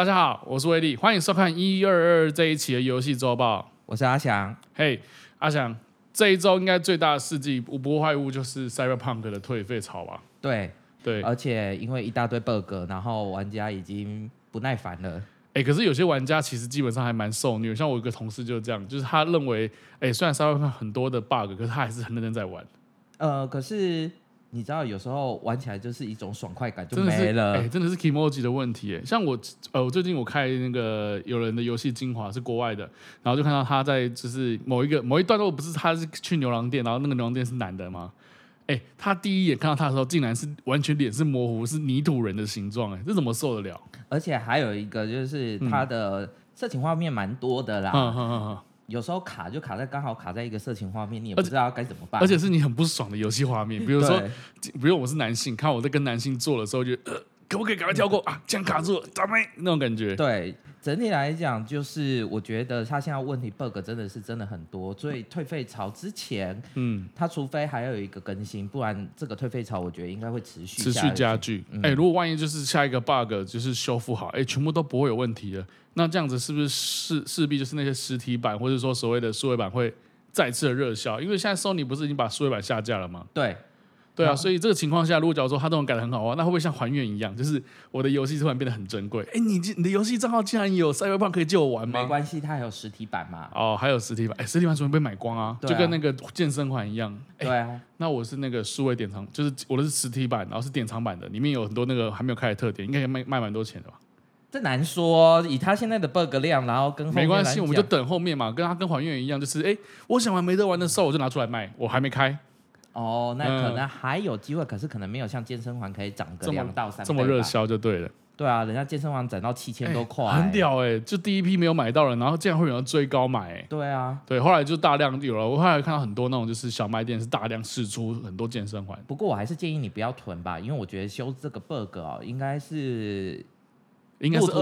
大家好，我是魏利，歡迎收看一二二這一期的遊戲週報。我是阿翔，嘿、hey，阿翔，這一周應該最大的事，紀無不，壞物就是 Cyberpunk 的退費潮吧？對對，而且因為一大堆 bug，然後玩家已經不耐煩了。哎、欸，可是有些玩家其實基本上還蠻受虐，像我一個同事就是這樣，就是他認為，哎、欸，雖然 Cyberpunk 很多的 bug，可是他還是很認真在玩。呃，可是。你知道，有時候玩起來就是一種爽快感，就沒了。哎、欸，真的是 Kimoji 的問題、欸。像我，呃，我最近我開那個有人的遊戲精華是國外的，然後就看到他在就是某一個某一段，落不是他是去牛郎店，然後那個牛郎店是男的嗎？哎、欸，他第一眼看到他的時候，竟然是完全臉是模糊，是泥土人的形狀。哎，這怎麼受得了？而且還有一個就是他的色情畫面蠻多的啦。嗯呵呵呵有時候卡就卡在剛好卡在一個色情畫面，你也不知道該怎麼辦而。而且是你很不爽的遊戲畫面，比如說， 比如我是男性，看我在跟男性做的時候，就呃，可不可以趕快跳過、嗯、啊？這樣卡住了，倒霉那種感覺。對。整體來講，就是我覺得它現在問題 bug 真的是真的很多，所以退費潮之前，嗯，它除非還要有一個更新，不然這個退費潮我覺得應該會持續持續加劇。哎、嗯欸，如果萬一就是下一個 bug 就是修復好，誒、欸，全部都不會有問題了。那這樣子是不是勢勢必就是那些實體版或者說所謂的數位版會再次的熱銷？因為現在 Sony 不是已經把數位版下架了嗎？對。對啊，所以這個情況下，如果假如說他都能改的很好、啊、那會不會像還願一樣，就是我的遊戲突然變得很珍貴？哎、欸，你你的遊戲賬號竟然有 Cyberpunk 可以借我玩嗎？沒關係，它還有實體版嘛。哦，還有實體版，哎、欸，實體版準備被買光啊,啊？就跟那個健身環一樣、欸。對啊。那我是那個數位典藏，就是我的是實體版，然後是典藏版的，裡面有很多那個還沒有開的特典，應該也賣賣蠻多錢的吧？這難說，以他現在的 bug 量，然後跟後來沒關係，我們就等後面嘛。跟他跟還願一樣，就是哎、欸，我想玩沒得玩的時候，我就拿出來賣，我還沒開。哦、oh，那可能還有機會、嗯，可是可能沒有像健身環可以漲個兩到三這麼熱銷就對了。對啊，人家健身環漲到七千多塊、欸，很屌哎、欸！就第一批沒有買到了，然後竟然會有人追高買、欸。對啊，對，後來就大量有了。我後來看到很多那種就是小賣店是大量釋出很多健身環。不過我還是建議你不要囤吧，因為我覺得修這個 bug 啊、喔，應該是。應該是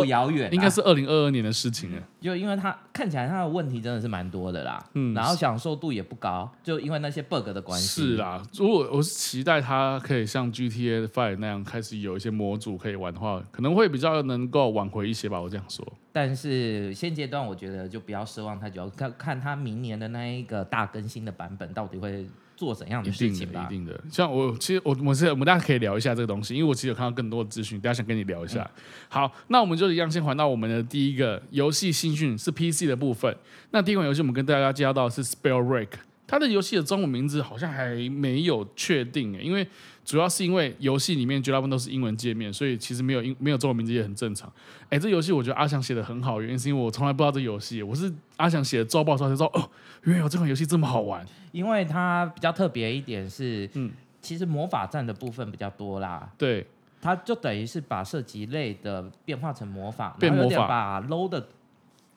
二零二二年的事情、嗯、就因為它看起來它的問題真的是蠻多的啦，嗯，然後享受度也不高，就因為那些 bug 的關係。是啦、啊，如果我是期待它可以像 GTA Five 那樣開始有一些模組可以玩的話，可能會比較能夠挽回一些吧。我這樣說。但是現階段我覺得就不要奢望太久，要看它明年的那一個大更新的版本到底會。做怎樣的事情吧？一定的，像我其實我我們是，我們大家可以聊一下這個東西，因為我其實有看到更多的資訊，大家想跟你聊一下。嗯、好，那我們就一樣，先回到我們的第一個遊戲新訊是 PC 的部分。那第一款遊戲我們跟大家介紹到是 Spell r e a k 它的遊戲的中文名字好像還沒有確定，欸，因為。主要是因為遊戲裡面絕大部分都是英文界面，所以其實沒有英沒有中文名字也很正常。哎、欸，這遊戲我覺得阿翔寫的很好，原因是因為我從來不知道這遊戲，我是阿翔寫的，周報的時候才知道哦，原來有這款遊戲這麼好玩。因為它比較特別一點是，嗯，其實魔法戰的部分比較多啦。對，它就等於是把射擊類的變化成魔法，然後有點把 low 的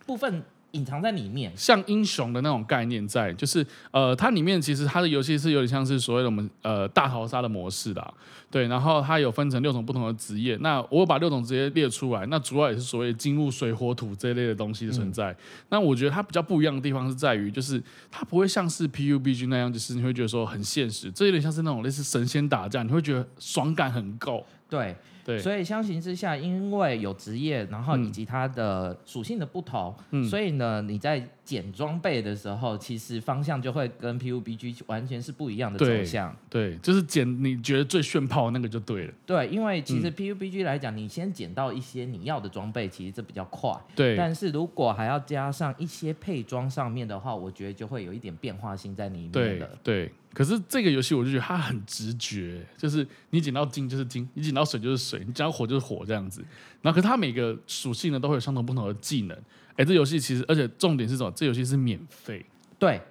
部分隱藏在裡面，像英雄的那種概念在，就是呃，它裡面其實它的遊戲是有點像是所謂的我們呃大逃殺的模式的，對。然後它有分成六種不同的職業，那我把六種職業列出來，那主要也是所謂金木水火土這一類的東西的存在，嗯。那我覺得它比較不一樣的地方是在於，就是它不會像是 PUBG 那樣，就是你會覺得說很現實，這有點像是那種類似神仙打架，你會覺得爽感很夠，對。所以相形之下，因為有職業，然後以及它的屬性的不同，嗯、所以呢，你在，撿裝備的時候，其實方向就會跟 PUBG 完全是不一樣的走向對。對，就是撿你覺得最炫炮的那個就對了。對，因為其實 PUBG 來講、嗯，你先撿到一些你要的裝備，其實這比較快。對。但是如果還要加上一些配裝上面的話，我覺得就會有一點變化性在裡面的。對。可是這個遊戲，我就覺得它很直覺，就是你撿到金就是金，你撿到水就是水，你只要火就是火這樣子。那後，可是它每個屬性呢，都會有相同不同的技能。哎、欸，這遊戲其實，而且重點是什麼？這遊戲是免費。對，對，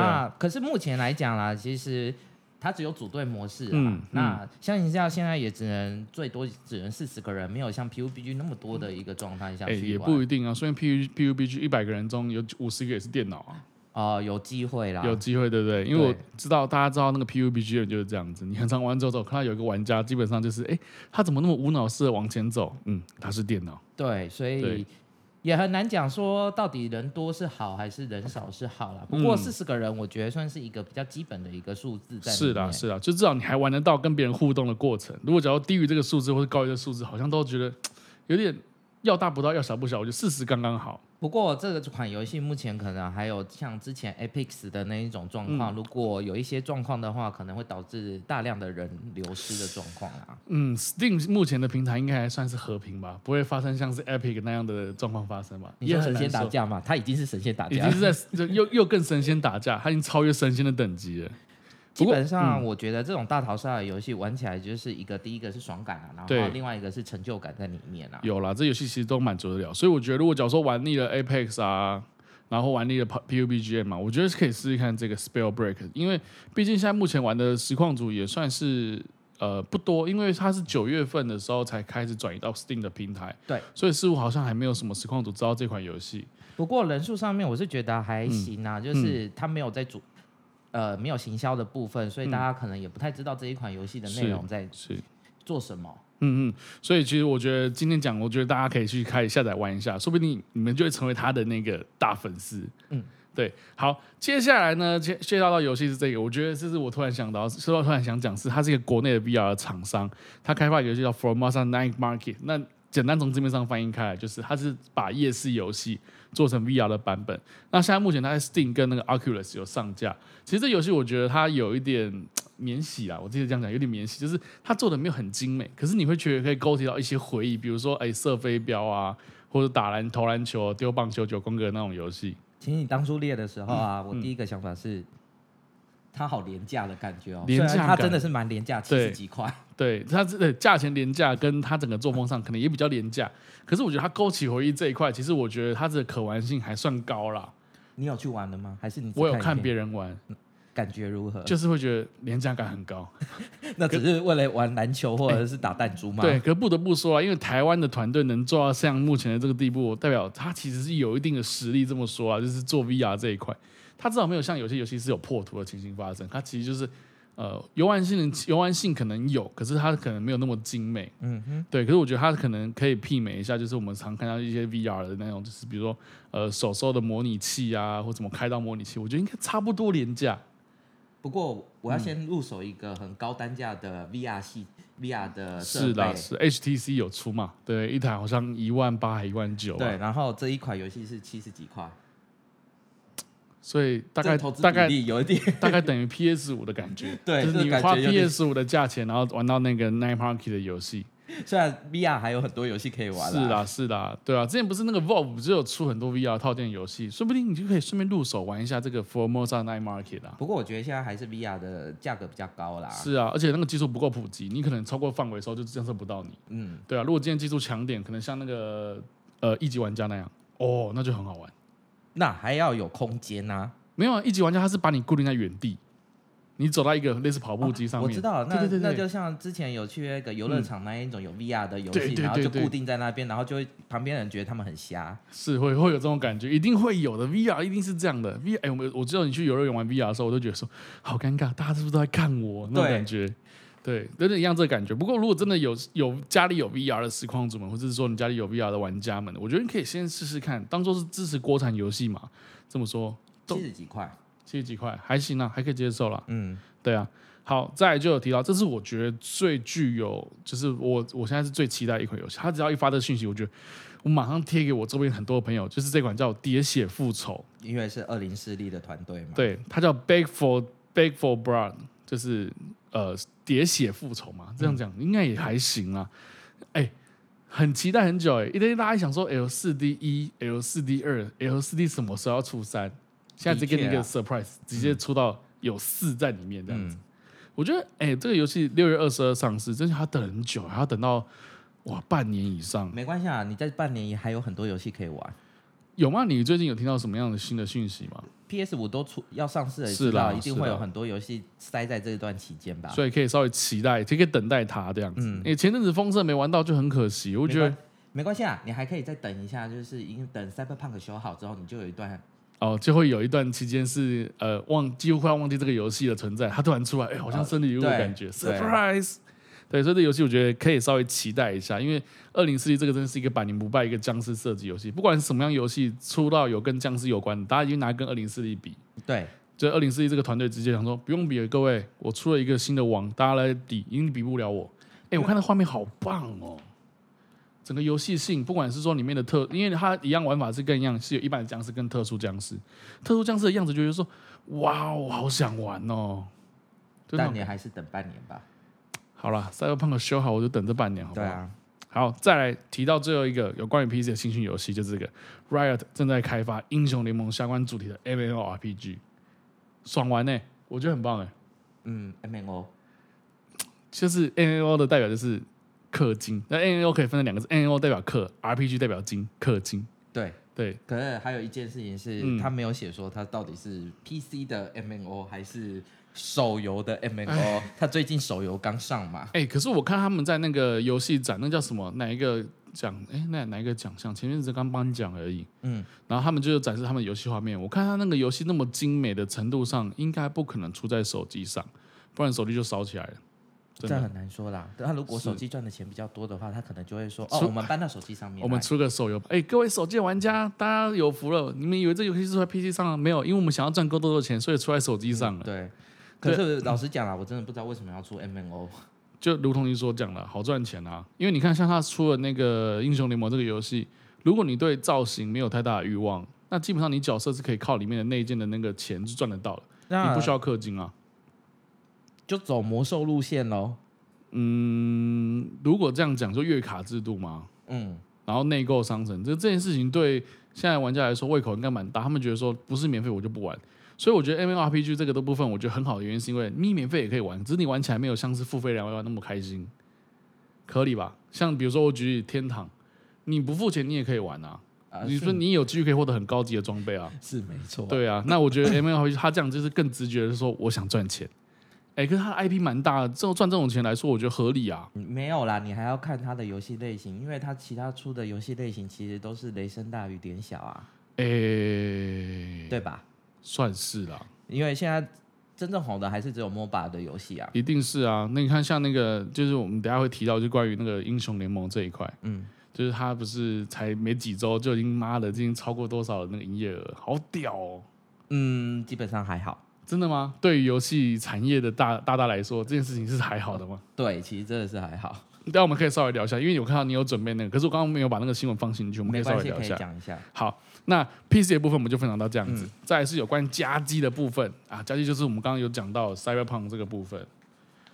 那可是目前來講啦，其實它只有組隊模式嘛、嗯嗯。那像你這樣現在也只能最多只能四十個人，沒有像 PUBG 那麼多的一個狀態下。哎、欸，也不一定啊。雖然 PUB PUBG 一百個人中有五十個也是電腦啊。哦、呃，有機會啦，有機會，對不對？因為我知道大家知道那個 PUBG 人就是這樣子，你很常玩走走，看到有一個玩家，基本上就是哎、欸，他怎麼那麼無腦式的往前走？嗯，他是電腦。對，所以。也很難講說到底人多是好還是人少是好啦。不過四十個人，我覺得算是一個比較基本的一個數字，在、嗯、是啦，是啦，就至少你還玩得到跟別人互動的過程。如果只要低於這個數字或者高於這個數字，好像都覺得有點。要大不到，要小不小，我就試試剛剛好。不過這個款遊戲目前可能還有像之前 Epic 的那一種狀況、嗯，如果有一些狀況的話，可能會導致大量的人流失的狀況、啊、嗯，Steam 目前的平台應該還算是和平吧，不會發生像是 Epic 那樣的狀況發生吧？你說神仙打架嘛？他已經是神仙打架，已經是在又又跟神仙打架，他已經超越神仙的等級了。基本上、啊嗯，我覺得這種大逃殺的遊戲玩起來就是一個，第一個是爽感啊，然後另外一個是成就感在裡面啊。有了這遊戲其實都滿足得了，所以我覺得如果假如說玩膩了 Apex 啊，然後玩膩了 PUBG 嘛、啊，我覺得是可以試試看這個 Spell Break，因為畢竟現在目前玩的實況主也算是呃不多，因為它是九月份的時候才開始轉移到 Steam 的平台，對，所以似乎好像還沒有什麼實況主知道這款遊戲。不過人數上面我是覺得還行啊，嗯、就是他沒有在主。嗯呃，沒有行銷的部分，所以大家可能也不太知道這一款遊戲的內容在做什麼。嗯嗯，所以其實我覺得今天講，我覺得大家可以去開始下載玩一下，說不定你們就會成為他的那個大粉絲。嗯，對。好，接下來呢，介紹到遊戲是這個，我覺得這是我突然想到，說到我突然想講是，它是一個國內的 VR 的廠商，它開發的遊戲叫 Formosa Night Market。那簡單從字面上翻譯開來，就是它是把夜市遊戲。做成 VR 的版本，那現在目前它在 Steam 跟那個 Oculus 有上架。其實這遊戲我覺得它有一點、呃、免洗啊，我記得這樣講，有點免洗，就是它做的沒有很精美，可是你會覺得可以勾起到一些回憶，比如說哎、欸、射飛鏢啊，或者打籃投籃球、丟棒球、九宮格那種遊戲。其實你當初列的時候啊、嗯嗯，我第一個想法是它好廉價的感覺哦、喔，廉價，它真的是蠻廉價，七十幾塊。對，它這個價錢廉價，跟它整個作風上可能也比較廉價。可是我覺得它勾起回憶這一塊，其實我覺得它的可玩性還算高啦。你有去玩了嗎？還是你，我有看別人玩，感覺如何？就是會覺得廉價感很高。 那只是為了玩籃球或者是打彈珠嗎？欸、對，可不得不說啊，因為台灣的團隊能做到像目前的這個地步，代表它其實是有一定的實力。這麼說啊，就是做 VR 這一塊，它至少沒有像有些遊戲是有破圖的情形發生。它其實就是。呃，遊玩性能，遊玩性可能有，可是它可能沒有那麼精美。嗯，對，可是我覺得它可能可以媲美一下，就是我們常看到一些 VR 的那種，就是比如說呃手手的模擬器啊，或怎麼開刀模擬器，我覺得應該差不多廉價。不過我要先入手一個很高單價的 VR 系 VR 的設備，是的，是 HTC 有出嘛？對，一台好像一萬八還一萬九啊。對，然後這一款遊戲是七十幾塊。所以大概大概有一點大概， 大概等於 PS 五的感覺，對，就是你花 PS 五的價錢，然後玩到那個 Night Market 的遊戲。現在 VR 還有很多遊戲可以玩啦。是啊，是啦、啊，對啊，之前不是那個 Valve 有出很多 VR 套件遊戲，說不定你就可以順便入手玩一下這個 Formosa Night Market 啊。不過我覺得現在還是 VR 的價格比較高啦。是啊，而且那個技術不夠普及，你可能超過範圍時候就監測不到你。嗯，對啊，如果今天技術強點，可能像那個呃一級玩家那樣，哦，那就很好玩。那還要有空間呢、啊、沒有，啊，一級玩家他是把你固定在原地，你走到一個類似跑步機上面、啊。我知道，那對，對對對，那就像之前有去那個遊樂場那一種有 VR 的遊戲，嗯、對對對對對，然後就固定在那邊，然後就會旁邊人覺得他們很瞎，是會會有這種感覺，一定會有的。VR 一定是這樣的。VR，我我知道你去遊樂園玩 VR 的時候，我都覺得說好尷尬，大家是不是都在看我那種感覺？對，有點一樣這個感覺。不過如果真的有有家裡有 VR 的實況主們，或者是說你家裡有 VR 的玩家們，我覺得你可以先試試看，當做是支持國產遊戲嘛。這麼說，都，七十幾塊，七十幾塊還行啊，還可以接受啦。嗯，對啊。好，再來就有提到，這是我覺得最具有，就是我我現在是最期待的一款遊戲。他只要一發這訊息，我覺得我馬上貼給我周邊很多朋友，就是這款叫《喋血復仇》，因為是二零四力的團隊嘛。對，它叫《Back for, Back for Blood 就是呃。喋血復仇嘛，這樣講應該也還行啊。哎、嗯欸，很期待很久哎、欸，因為大家想說 L 四 D 一、L 四 D 二、L 四 D 什麼時候要出三、啊？現在就給你一個 surprise，直接出到有四在裡面這樣子。嗯、我覺得哎、欸，這個遊戲六月二十二上市，真是要等很久，要等到哇半年以上。沒關係啊，你在半年也還有很多遊戲可以玩。有嗎？你最近有聽到什麼樣的新的訊息嗎？PS5 都出要上市了，是啦，一定會有很多遊戲塞在這段期間吧、啊。所以可以稍微期待，可以等待它這樣子。因、嗯、你、欸、前陣子《風色》沒玩到就很可惜，我覺得沒關係啊，你還可以再等一下，就是等《Cyberpunk》修好之後，你就有一段哦，就會有一段期間是呃忘幾乎快要忘記這個遊戲的存在，它突然出來，哎、欸，好像身體有感覺、哦、，surprise。對，所以這遊戲我覺得可以稍微期待一下，因為《二零四一》這個真的是一個百年不敗，一個殭屍射擊遊戲。不管是什麼樣遊戲出到有跟殭屍有關，大家一定拿跟《二零四一》比。對，就《二零四一》這個團隊直接想說，不用比了，各位，我出了一個新的王，大家來比，因為比不了我。哎，我看到畫面好棒哦，整個遊戲性，不管是說裡面的特，因為它一樣玩法是更一樣，是有一半的殭屍跟特殊殭屍，特殊殭屍的樣子就是說，哇，我好想玩哦。半年還是等半年吧。好了 Cyberpunk 修好，我就等這半年，好不好、啊？好，再來提到最後一個有關於 PC 的新訊遊戲，就是這個 Riot 正在開發英雄聯盟相關主題的 MMO RPG，爽玩呢、欸，我覺得很棒哎、欸。嗯 MMO 就是 MMO 的代表就是氪金，那 MMO 可以分成兩個字 MMO 代表氪，RPG 代表金，氪金。對對，可是還有一件事情是，嗯、他沒有寫說他到底是 PC 的 MMO 還是。手遊的 M M O，他最近手遊剛上嘛？哎，可是我看他們在那個遊戲展，那叫什麼哪一個獎？哎，那哪一個獎項？前面只是剛頒獎而已。嗯，然後他們就展示他們的遊戲畫面。我看他那個遊戲那麼精美的程度上，應該不可能出在手機上，不然手機就燒起來了。這很難說啦。那如果手機賺的錢比較多的話，他可能就會說：哦，我們搬到手機上面。啊、我們出個手遊，哎，各位手機玩家，大家有福了。你們以為這遊戲是在 P C 上、啊？沒有，因為我們想要賺更多的錢，所以出在手機上了。嗯、對。可是老實講啊，我真的不知道為什麼要出 MMO。就如同你所講的，好賺錢啊！因為你看，像他出了那個《英雄聯盟》這個遊戲，如果你對造型沒有太大的慾望，那基本上你角色是可以靠裡面的內建的那個錢就賺得到的。你不需要氪金啊，就走魔獸路線咯。嗯，如果這樣講，就月卡制度嘛。嗯。然後內購商城，這這件事情對現在玩家來說胃口應該蠻大，他們覺得說不是免費我就不玩。所以我覺得 M L R P G 這個的部分，我覺得很好的原因是因為你免費也可以玩，只是你玩起來沒有像是付費兩萬塊那麼開心，合理吧？像比如說我舉天堂，你不付錢你也可以玩啊，啊你說你有機會可以獲得很高級的裝備啊，是沒錯，對啊。那我覺得 M L R P G 他這樣就是更直覺的是說，我想賺錢，哎、欸，可是他的 IP 蠻大的，這賺這種錢來說，我覺得合理啊。沒有啦，你還要看他的遊戲類型，因為他其他出的遊戲類型其實都是雷聲大雨點小啊，哎、欸，對吧？算是了、啊，因為現在真正紅的還是只有 MOBA 的遊戲啊，一定是啊。那你看，像那個就是我們等下會提到，就關於那個英雄聯盟這一塊，嗯，就是它不是才沒幾週就已經媽的，已經超過多少的那個營業額，好屌哦，嗯，基本上還好，真的嗎？對於遊戲產業的大大大來說，這件事情是還好的嗎？哦、對，其實真的是還好。但我們可以稍微聊一下，因為我看到你有準備那個，可是我剛剛沒有把那個新聞放進去，我們可以稍微聊一下，講一下，好。那 PC 的部分我們就分享到這樣子、嗯，再是有關家機的部分啊，家機就是我們剛剛有講到的 Cyberpunk 這個部分。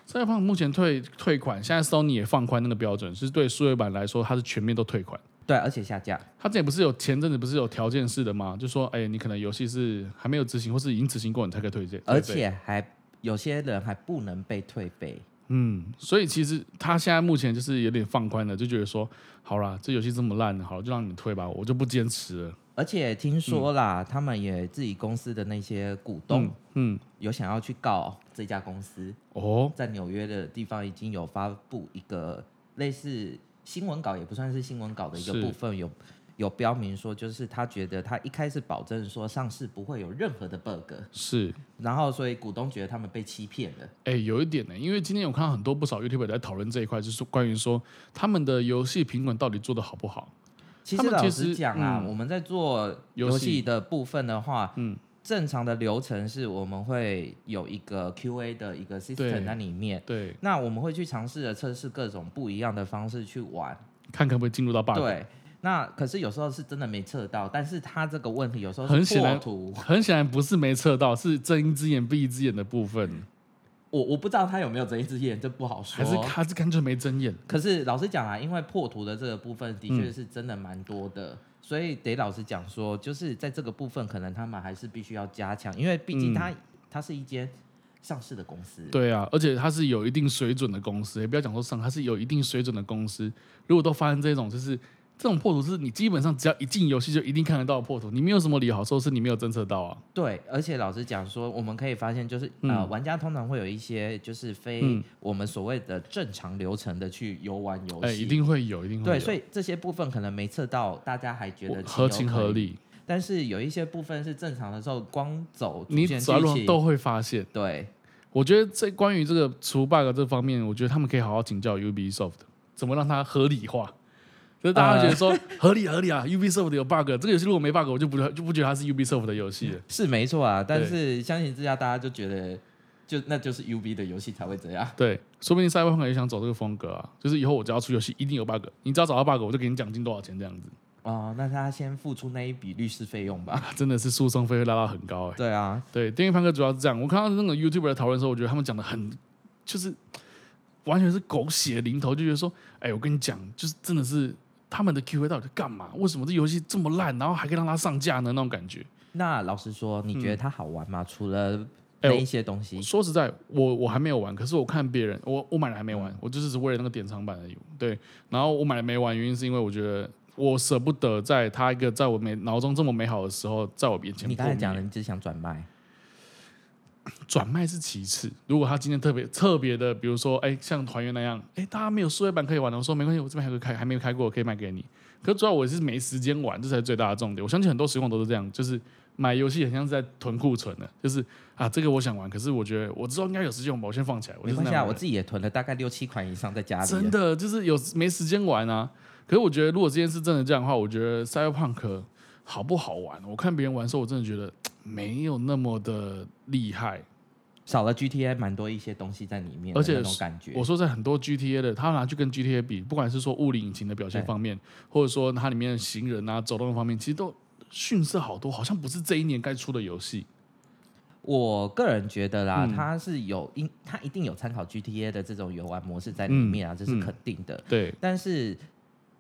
Cyberpunk 目前退退款，現在 Sony 也放寬那個標準，就是對數位版來說，它是全面都退款。對，而且下架。它這裡不是有前陣子不是有條件式的嗎？就說，哎，你可能遊戲是還沒有執行或是已經執行過，你才可以退款。對對，而且還有些人還不能被退費。嗯，所以其實他現在目前就是有點放寬了，就覺得說，好了，這遊戲這麼爛，好了就讓你退吧，我就不堅持了。而且聽說啦、嗯，他們也自己公司的那些股東，嗯，嗯有想要去告這家公司哦，在紐約的地方已經有發布一個類似新聞稿，也不算是新聞稿的一個部分，有有標明說，就是他覺得他一開始保證說上市不會有任何的 bug，是，然後所以股東覺得他們被欺騙了。哎、欸，有一點呢、欸，因為今天有看到很多不少 YouTuber 在討論這一塊，就是關於說他們的遊戲評論到底做得好不好。其實老實講啊實、嗯，我們在做遊戲的部分的話、嗯，正常的流程是我們會有一個 QA 的一個 system 在裡面。對，那我們會去嘗試的測試各種不一樣的方式去玩，看可不可以進入到 bug。對，那可是有時候是真的沒測到，但是他這個問題有時候很顯然，很顯然不是沒測到，是睜一隻眼閉一隻眼的部分。嗯我我不知道他有沒有睜一只眼，這不好說，還是他是乾脆沒睜眼。可是老實講啊，因為破圖的這個部分的確是真的蠻多的、嗯，所以得老實講說，就是在這個部分，可能他們還是必須要加強，因為畢竟它它、嗯、是一間上市的公司，對啊，而且它是有一定水準的公司，也不要講說上，它是有一定水準的公司，如果都發生這種就是。這種破圖是你基本上只要一進遊戲就一定看得到的破圖，你沒有什麼理由好說是你沒有偵測到啊？對，而且老實講說，我們可以發現就是、嗯、呃玩家通常會有一些就是非、嗯、我們所謂的正常流程的去遊玩遊戲、欸，一定會有，一定會有。對，所以這些部分可能沒測到，大家還覺得合情合理。但是有一些部分是正常的時候光走你只要都會發現。對，我覺得這關於這個除 bug 這方面，我覺得他們可以好好請教 Ubisoft，怎麼讓它合理化。所以大家覺得說合理合理啊，Ubisoft 的有 bug，這個遊戲如果沒 bug，我就不就不覺得它是 Ubisoft 的遊戲了、嗯。是沒錯啊，但是相形之下，大家就覺得就那就是 UB 的遊戲才會這樣。對，說不定賽博朋克也想走這個風格啊，就是以後我只要出遊戲，一定有 bug，你只要找到 bug，我就給你獎金多少錢這樣子。哦，那他先付出那一筆律師費用吧。真的是訴訟費會拉到很高、欸。對啊，對，電馭叛客主要是這樣。我看到那個 YouTube 的討論的時候，我覺得他們講的很就是完全是狗血淋頭，就覺得說，哎、欸，我跟你講，就是真的是。他們的 QA 到底在幹嘛？為什麼這遊戲這麼爛，然後還可以讓它上架呢？那種感覺。那老實說，你覺得它好玩嗎？嗯、除了那一些東西、欸。說實在，我我還沒有玩。可是我看別人，我我買了還沒玩，嗯、我就是只為了那個典藏版而已。對。然後我買了沒玩，原因是因為我覺得我捨不得在他一個在我沒，腦中這麼美好的時候，在我面前。你剛才講了，你只想轉賣。轉賣是其次，如果他今天特別特別的，比如說，哎、欸，像團員那樣，哎、欸，大家沒有數位版可以玩的，我說沒關係，我這邊還開還沒有開,開過，可以賣給你。可是主要我也是沒時間玩，這才是最大的重點。我相信很多時光都是這樣，就是買遊戲很像是在囤庫存的，就是啊，這個我想玩，可是我覺得我之後應該有時間我先放起來。我放、啊、我自己也囤了大概六七款以上在家裡。真的就是有沒時間玩啊？可是我覺得如果這件事真的這樣的話，我覺得 Cyberpunk 好不好玩？我看別人玩的時候，我真的覺得沒有那麼的厲害，少了 GTA 蠻多一些東西在裡面，而且那種感覺。我說在很多 GTA 的，他拿去跟 GTA 比，不管是說物理引擎的表現方面，或者說它裡面的行人啊、嗯、走動的方面，其實都遜色好多，好像不是這一年該出的遊戲。我個人覺得啦，嗯、它是有因，它一定有參考 GTA 的這種遊玩模式在裡面啊、嗯嗯，這是肯定的。對，但是。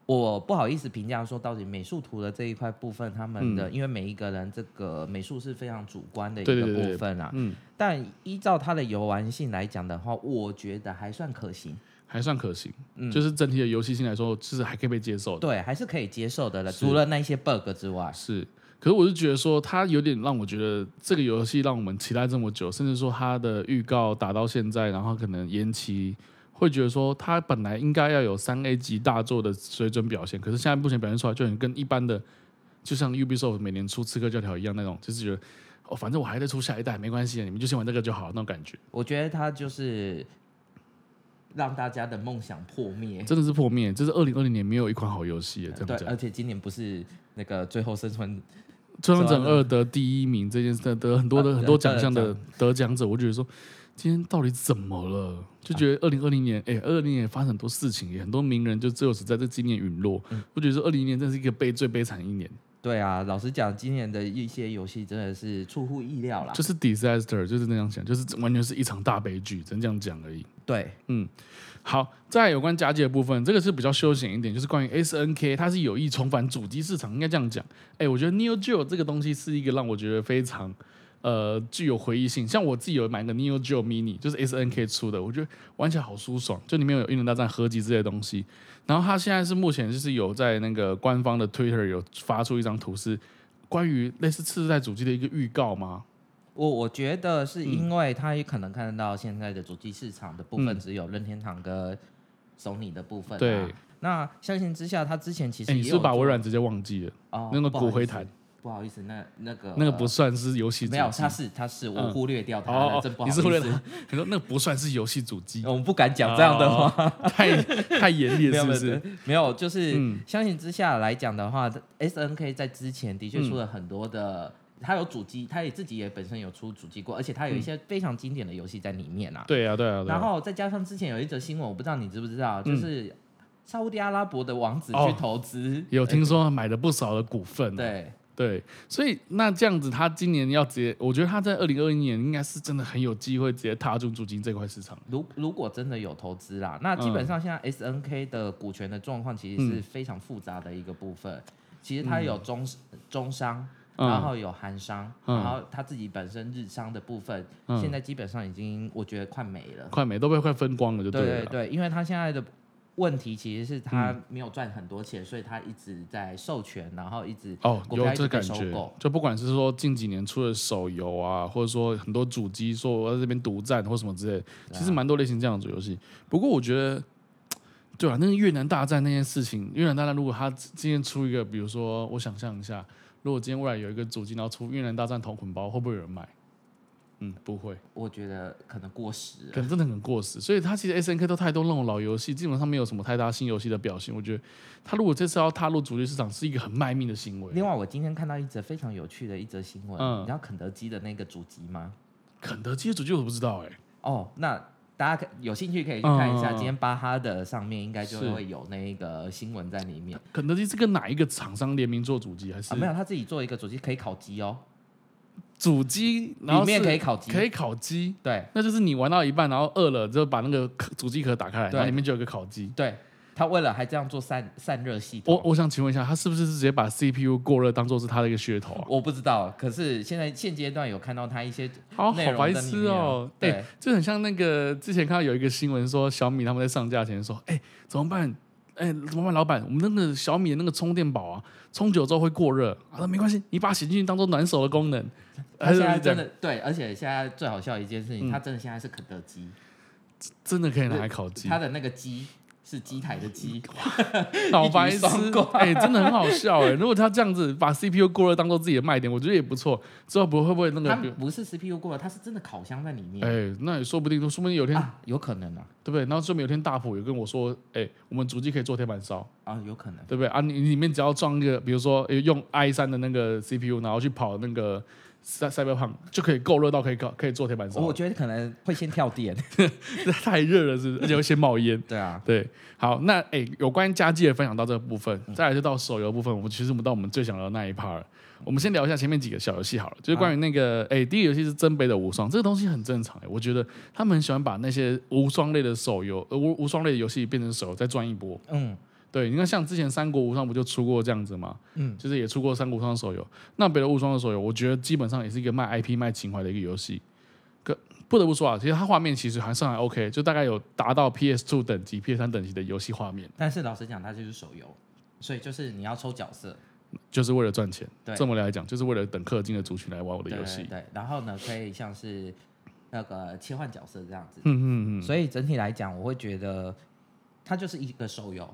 我不好意思評價說到底美術圖的這一塊部分，他們的、嗯、因為每一個人這個美術是非常主觀的一個部分啦。對對對對嗯，但依照它的遊玩性來講的話，我覺得還算可行，還算可行。嗯，就是整體的遊戲性來說，其實還可以被接受的。對，還是可以接受的了，除了那一些 bug 之外是。是，可是我是覺得說，它有點讓我覺得這個遊戲讓我們期待這麼久，甚至說它的預告打到現在，然後可能延期。會覺得說，它本來應該要有三 A 級大作的水準表現，可是現在目前表現出來，就很跟一般的，就像 Ubisoft 每年出《刺客教條》一樣那種，就是覺得，哦，反正我還在出下一代，沒關係，你們就先玩這個就好，那種感覺。我覺得它就是讓大家的夢想破滅，真的是破滅，這、就是二零二零年沒有一款好遊戲了、這樣講。嗯，而且今年不是那個最後生存《生化整二》得第一名這件事，得很多的、啊、很多獎項的得獎者，我覺得說。今天到底怎麼了？就覺得二零二零年，哎、啊，二、欸、零年發生很多事情，也很多名人就只有死在這幾年隕落。嗯、我覺得二零年真的是一個悲最悲慘的一年。對啊，老實講，今年的一些遊戲真的是出乎意料了，就是 disaster，就是那樣講，就是完全是一場大悲劇，只能這樣講而已。對，嗯，好，在有關家機的部分，這個是比較休閒一點，就是關於 SNK，它是有意重返主機市場，應該這樣講。哎、欸，我覺得 Neo Geo 這個東西是一個讓我覺得非常。呃，具有回憶性，像我自己有買個 Neo Geo Mini，就是 SNK 出的，我覺得玩起來好舒爽，就裡面有《英倫大戰》合集之類的東西。然後他現在是目前就是有在那個官方的 Twitter 有發出一張圖示，是關於類似次世代主機的一個預告嗎？我我覺得是因為他也可能看到現在的主機市場的部分只有任天堂跟索尼的部分，啊，對。那相形之下，他之前其實、欸、你是把微軟直接忘記了，哦，那個骨灰壇。不好意思，那那個那個不算是遊戲主機，呃、沒有，他是他是我、嗯、忽略掉他了、哦，真不好意思，你是忽略你說那個不算是遊戲主機， 我們不敢講這樣的話，哦哦哦、太太嚴厲了是不是？沒有，沒有就是、嗯、相信之下來講的話，SNK 在之前的確出了很多的、嗯，它有主機，它也自己也本身有出主機過，而且它有一些非常經典的遊戲在裡面啊。對啊，對啊。然後再加上之前有一則新聞，我不知道你知不知道，就是、嗯、沙烏地阿拉伯的王子去投資，哦、有聽說他買了不少的股份、啊。對。對，所以那這樣子，他今年要直接，我覺得他在二零二一年應該是真的很有機會直接踏入主機這塊市場，如如果真的有投資啦，那基本上現在 SNK 的股權的狀況其實是非常複雜的一個部分。其實它有中、嗯、中商，然後有韓商、嗯，然後他自己本身日商的部分，嗯、現在基本上已經我覺得快沒了，快沒都被快分光了，就了，就對對對，因為他現在的。問題其實是他沒有賺很多錢，嗯，所以他一直在授權，然後一直哦，直有這個感覺。就不管是說近幾年出的手遊啊，或者說很多主機說我在這邊獨占或什麼之類，其實蠻多類型這樣子遊戲。不過我覺得，對啊，那個越南大戰那件事情，越南大戰如果他今天出一個，比如說我想象一下，如果今天未來有一個主機，然後出越南大戰同捆包，會不會有人買？嗯，不會，我覺得可能過時，可能真的很過時。所以，他其實 SNK 都太多那種老遊戲，基本上沒有什麼太大新遊戲的表現。我覺得，他如果這次要踏入主機市場，是一個很賣命的行為。另外，我今天看到一則非常有趣的一則新聞，嗯、你知道肯德基的那個主機嗎？肯德基的主機我不知道哎、欸。哦，那大家有興趣可以去看一下嗯嗯嗯嗯，今天巴哈的上面應該就會有那個新聞在裡面。肯德基是跟哪一個廠商聯名做主機還是、啊？沒有，他自己做一個主機可以烤雞哦。主機裡面可以烤雞，可以烤雞，對，那就是你玩到一半，然後餓了就把那個主機殼打開來，對，然後裡面就有個烤雞。對，它為了還這樣做散散熱系統。我我想請問一下，它是不是直接把 CPU 過熱當做是它的一個噱頭啊？我不知道，可是現在現階段有看到它一些好、哦、好白痴哦、喔，對、欸，就很像那個之前看到有一個新聞說小米他們在上架前說，哎、欸，怎麼辦？哎、欸，老闆，老闆，我們那個小米的那個充電寶啊，充久之後會過熱。他、啊、沒關係，你把它寫進去當做暖手的功能。他現在真的、啊、真的對，而且現在最好笑一件事情、嗯，它真的現在是肯德基，真的可以拿來烤雞，它的那個雞。是機台的機、嗯、老、嗯、白痴，哎、欸，真的很好笑哎、欸。 如果他這樣子把 C P U 過熱當做自己的賣點，我覺得也不錯。之後不會不會那個？他不是 C P U 過熱，他是真的烤箱在裡面。哎、欸，那也說不定，說不定有天、啊、有可能啊，對不對？然後說不定有天大普有跟我說，哎、欸，我們主機可以做鐵板燒啊，有可能，對不對啊？你裡面只要裝一個，比如說用 i 三的那個 C P U，然後去跑那個。塞塞不胖就可以夠熱到可以夠可以做鐵板燒。我覺得可能會先跳電， 這太熱了是不是？而且會先冒煙。 對啊，對，好，那哎、欸，有關於家具也分享到這個部分，再來就到手遊部分，我們其實我們到我們最想要的那一 part 了。我們先聊一下前面幾個小遊戲好了，就是關於那個哎、啊欸，第一個遊戲是真杯的無雙，這個東西很正常哎、欸，我覺得他們很喜歡把那些無雙類的手遊呃無無雙類的遊戲變成手遊再賺一波，嗯。對，你看像之前《三國無雙》不就出過這樣子嘛，嗯，就是也出過《三國無雙》手遊。那別的《無雙》的手遊，我覺得基本上也是一個賣 IP、賣情懷的一個遊戲。可不得不說啊，其實它畫面其實還算還 OK，就大概有達到 PS Two 等級、PS 三等級的遊戲畫面。但是老實講，它就是手遊，所以就是你要抽角色，就是為了賺錢。對，這麼來講，就是為了等氪金的族群來玩我的遊戲。對，對，對，然後呢，可以像是那個切換角色這樣子。嗯嗯嗯。所以整體來講，我會覺得它就是一個手遊。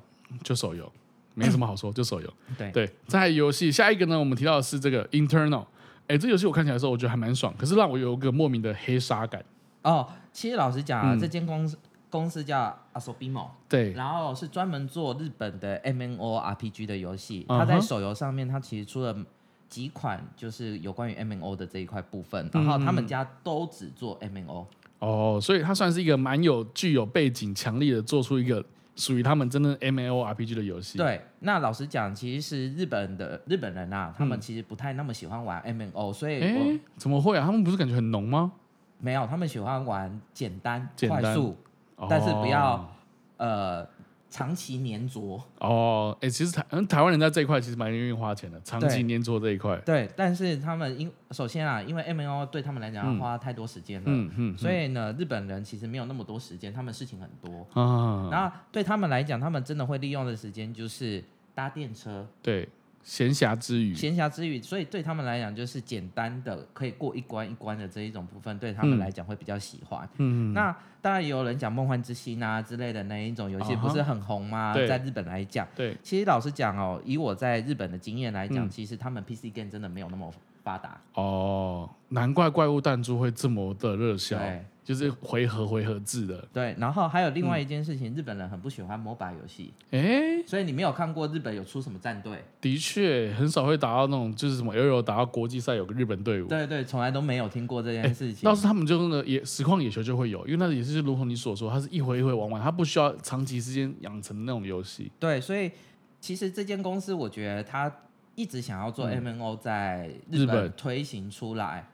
就手遊，沒什麼好說， 就手遊。對對，在遊戲下一個呢，我們提到的是這個 internal、欸。哎，這遊戲我看起來的時候，我覺得還蠻爽，可是讓我有一個莫名的黑沙感。哦，其實老實講啊、嗯，這間公司公司叫 Asobimo，對，然後是專門做日本的 M M O R P G 的遊戲。他、嗯、在手遊上面，他其實出了幾款，就是有關於 M M O 的這一塊部分、嗯。然後他們家都只做 M M O。哦，所以它算是一個蠻有具有背景、強力的，做出一個。屬於他們真的 MMORPG 的遊戲。對，那老實講，其實日本的日本人啊，他們其實不太那麼喜歡玩 MMO，所以我、欸、怎麼會啊？他們不是感覺很濃嗎？沒有，他們喜歡玩簡單、快速、哦，但是不要呃。長期黏着哦，哎、欸，其實台嗯台灣人在這一塊其實蠻願意花錢的，長期黏着這一塊。對，但是他們因首先啊，因為 M O 對他們來講要花太多時間了，嗯，嗯，嗯，嗯。所以呢，日本人其實沒有那麼多時間，他們事情很多啊。然後對他們來講，他們真的會利用的時間就是搭電車，對。閒暇之餘，閒暇之餘，所以對他們來講，就是簡單的可以過一關一關的這一種部分，對他們來講會比較喜歡。嗯，那當然也有人講《夢幻之星》啊之類的那一種遊戲、uh-huh、不是很紅嗎？對，在日本來講，對，其實老實講哦、喔，以我在日本的經驗來講，其實他們 PC game 真的沒有那麼。發達哦，難怪怪物彈珠會這麼的熱銷，就是回合回合制的。對，然後還有另外一件事情，嗯、日本人很不喜歡 MOBA 遊戲，哎、欸，所以你沒有看過日本有出什麼戰隊？的確，很少會打到那種，就是什麼，也有打到國際賽有個日本隊伍。對對，對，從來都沒有聽過這件事情。倒、欸、是他們就那個野實況野球就會有，因為那也是如同你所說，它是一回一回玩玩，它不需要長期時間養成那種遊戲。對，所以其實這間公司，我覺得它。一直想要做 MMO 在日本推行出來，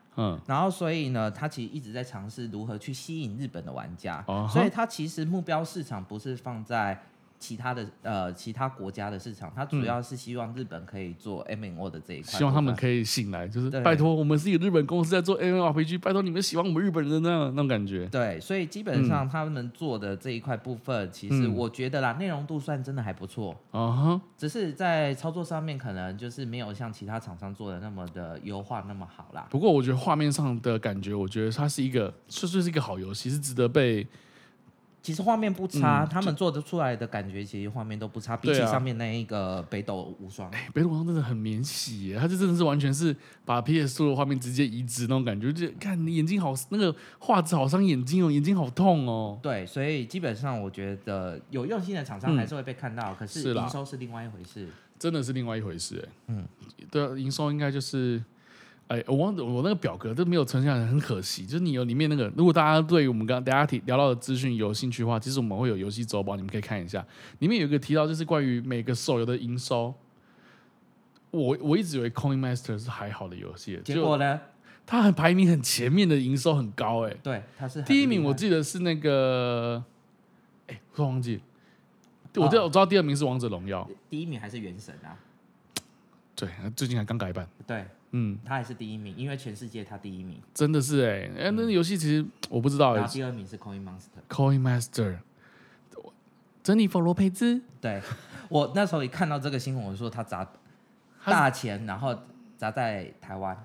然後所以呢，他其實一直在嘗試如何去吸引日本的玩家。哦、所以他其實目標市場不是放在。其他的呃，其他國家的市場，它主要是希望日本可以做 MMO 的這一塊、嗯，希望他們可以醒來，就是拜托，我們是一個日本公司在做 MMORPG 遊戲，拜托你們喜歡我們日本人的那,那種感覺。對，所以基本上他們做的這一塊部分、嗯，其實我覺得啦，內容度算真的還不錯，啊、嗯、只是在操作上面可能就是沒有像其他廠商做的那麼的優化那麼好啦。不過我覺得畫面上的感覺，我覺得它是一個，確實是一個好遊戲，是值得被。其實畫面不差、嗯，他們做的出來的感覺，其實畫面都不差、啊。比起上面那一個北斗無雙，哎、北斗無雙真的很免洗耶，他就真的是完全是把 PS 的畫面直接移植那種感覺，就看你眼睛好，那個畫質好傷眼睛哦，眼睛好痛哦。對，所以基本上我覺得有用心的廠商還是會被看到，嗯、可是營收是另外一回事，真的是另外一回事。嗯，對、啊，營收應該就是。哎，我忘了，我那個表格都沒有呈現，很可惜。就是你有裡面那個，如果大家對於我們剛剛大家提聊到的資訊有興趣的話，其實我們會有遊戲週報，你們可以看一下。裡面有一個提到，就是關於每個手遊的營收。我我一直以為 Coin Master 是還好的遊戲，結果呢，它很排名很前面的營收很高、欸。哎，對，它是第一名。我記得是那個，哎、欸，我忘記。我知道、哦、我知道第二名是王者榮耀，第一名還是原神啊？對，最近還剛改版。對。嗯，他還是第一名，因為全世界他第一名，真的是哎、欸、誒、欸，那個遊戲其實我不知道、欸。他、嗯、第二名是 Coin Master，Coin Master，Jennifer、嗯、妮弗羅培茲，對我那時候一看到這個新聞，我就說他砸大錢，然後砸在台灣，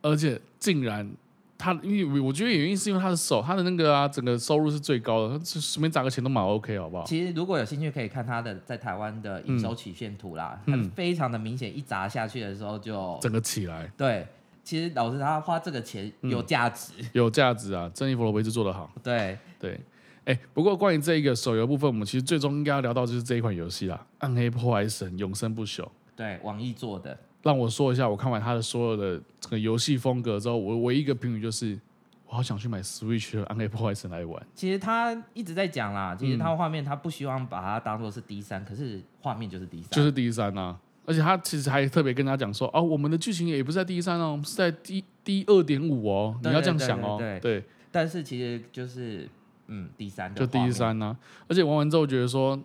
而且竟然。他因為我覺得原因是因為他的手，他的那個啊，整個收入是最高的，隨便砸個錢都蠻 OK 好不好？其實如果有興趣可以看他的在台灣的營收曲線圖啦，嗯嗯、他非常的明顯，一砸下去的時候就整個起來。對，其實老師他花這個錢有價值，嗯、有價值啊！珍妮弗羅維茲做得好，對對。哎、欸，不過關於這一個手遊部分，我們其實最終應該要聊到就是這一款遊戲啦，《暗黑破壞神：永生不朽》，對，網易做的。讓我說一下，我看完他的所有的這個遊戲風格之後，我唯一一個評語就是，我好想去買 Switch 和 Animal Crossing 來玩。其實他一直在講啦，其實他畫面、嗯、他不希望把它當做是 D 三，可是畫面就是 D 三，就是 D 三啊。而且他其實還特別跟他講說，哦，我們的劇情也不是在 D 三哦，是在 D D 二點五哦，你要這樣想哦、喔。對，但是其實就是嗯，D 三就 D 三呢。而且玩完之後覺得說。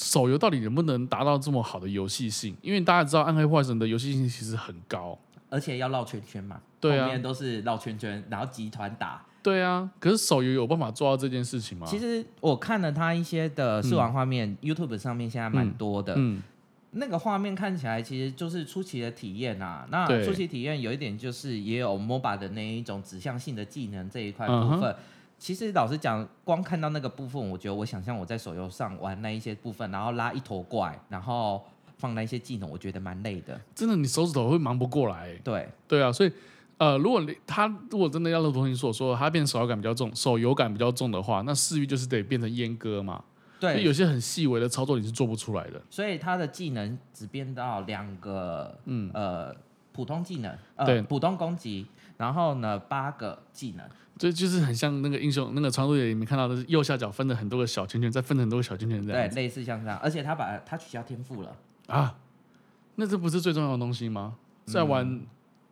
手遊到底能不能達到這麼好的遊戲性？因為大家知道《暗黑破壞神》的遊戲性其實很高，而且要繞圈圈嘛。對啊，面都是繞圈圈，然後集團打。對啊，可是手遊有辦法做到這件事情嗎？其實我看了他一些的試玩畫面、嗯、，YouTube 上面現在蠻多的。嗯。嗯，那個畫面看起來其實就是初期的體驗啊。那初期體驗有一點就是也有 MOBA 的那一種指向性的技能這一塊部分。嗯其實老實講，光看到那個部分，我覺得我想象我在手遊上玩那一些部分，然後拉一坨怪，然後放那一些技能，我覺得蠻累的。真的，你手指頭會忙不過來。對，對啊，所以呃，如果你他如果真的要如同你所說，說他變手遊感比較重，手遊感比較重的話，那勢必就是得變成閹割嘛。對，有些很細微的操作你是做不出來的。所以他的技能只變到兩個，嗯呃，普通技能、呃，對，普通攻擊，然後呢八個技能。所以就是很像那個英雄，那個傳說裡面看到的是右下角分了很多個小圈圈，再分了很多個小圈圈這樣。對，類似像這樣，而且他把他取消天賦了啊？那這不是最重要的東西嗎？在、嗯、玩